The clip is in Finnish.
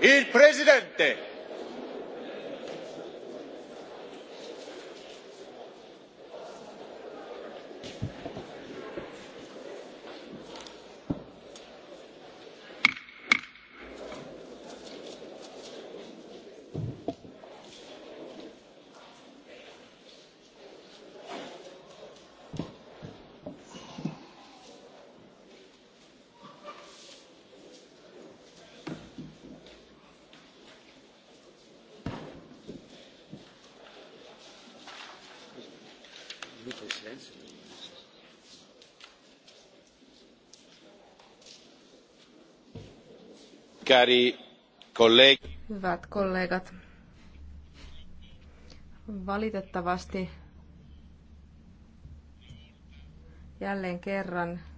Il Presidente. Cari colleghi. Hyvät kollegat, valitettavasti jälleen kerran